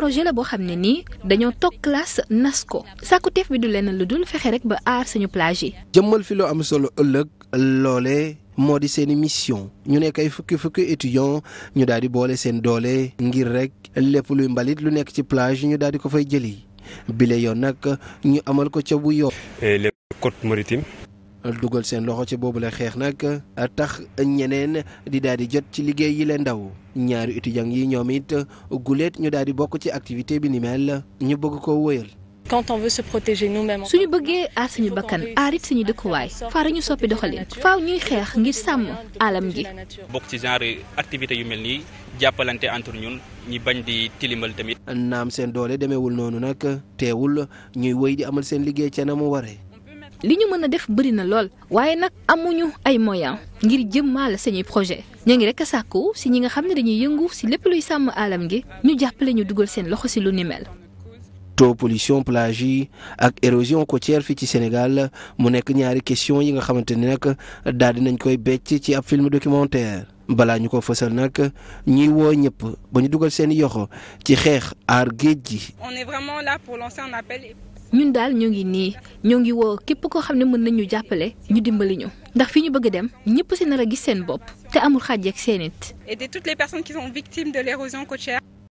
projet la boo xam ne nii dañoo toog classe nas ko sàkkuteef bi du lenn lu dul fexe rek ba aar suñu plage yi. jëmmal fi loo am solo ëllëg loole moo di seen mission ñu nekk ay fukki fukki étudiants ñu daal di boole seen doole ngir rek lépp luy mbalit lu nekk ci plage ñu daal di ko fay jëli bile yoon nag ñu amal ko ca bu yoon. dugal seen loxo ci boobu la xeex nag tax ñeneen di daal di jot ci liggéey yi leen ndaw ñaari étudiants yi ñoom it guleet ñu daal di bokk ci activité bi ni mel ñu bëgg ko wóyal. quand on veut se suñu bëggee aar suñu bakkan aar it suñu dëkkuwaay faaw ñu soppi doxalin faaw ñuy xeex ngir sàmm alam gi. ci genre activité yu mel nii jàppalante entre ñun ñi bañ di tilimal tamit. naam seen doole demeewul noonu nag teewul ñuy wéy di amal seen liggéey ca na mu waree. li ñu mën a def bëri na lool waaye nag amuñu ay moyens ngir jëmmaale seeni projet ñoo ngi rek a sàkku si ñi nga xam ne dañuy yëngu si lépp luy sàmm alam gi ñu jàppale ñu dugal seen loxo si lu ni mel. taux pollution plage yi ak érosion côtière fii ci Sénégal mu nekk ñaari question yi nga xamante ni nag daal dinañ koy becc ci ab film documentaire balaa ñu ko fësal nag ñuy woo ñëpp ba ñu dugal seen yoxo ci xeex aar géej gi. ñun daal ñoo ngi nii ñoo ngi woo képp koo xam ne mën nañu jàppale ñu dimbali ñu ndax fi ñu bëgg dem ñëpp si nar a gis seen bopp te amul xàjj ak seen it. Aider toutes les personnes qui sont victimes de l'érosion côtière.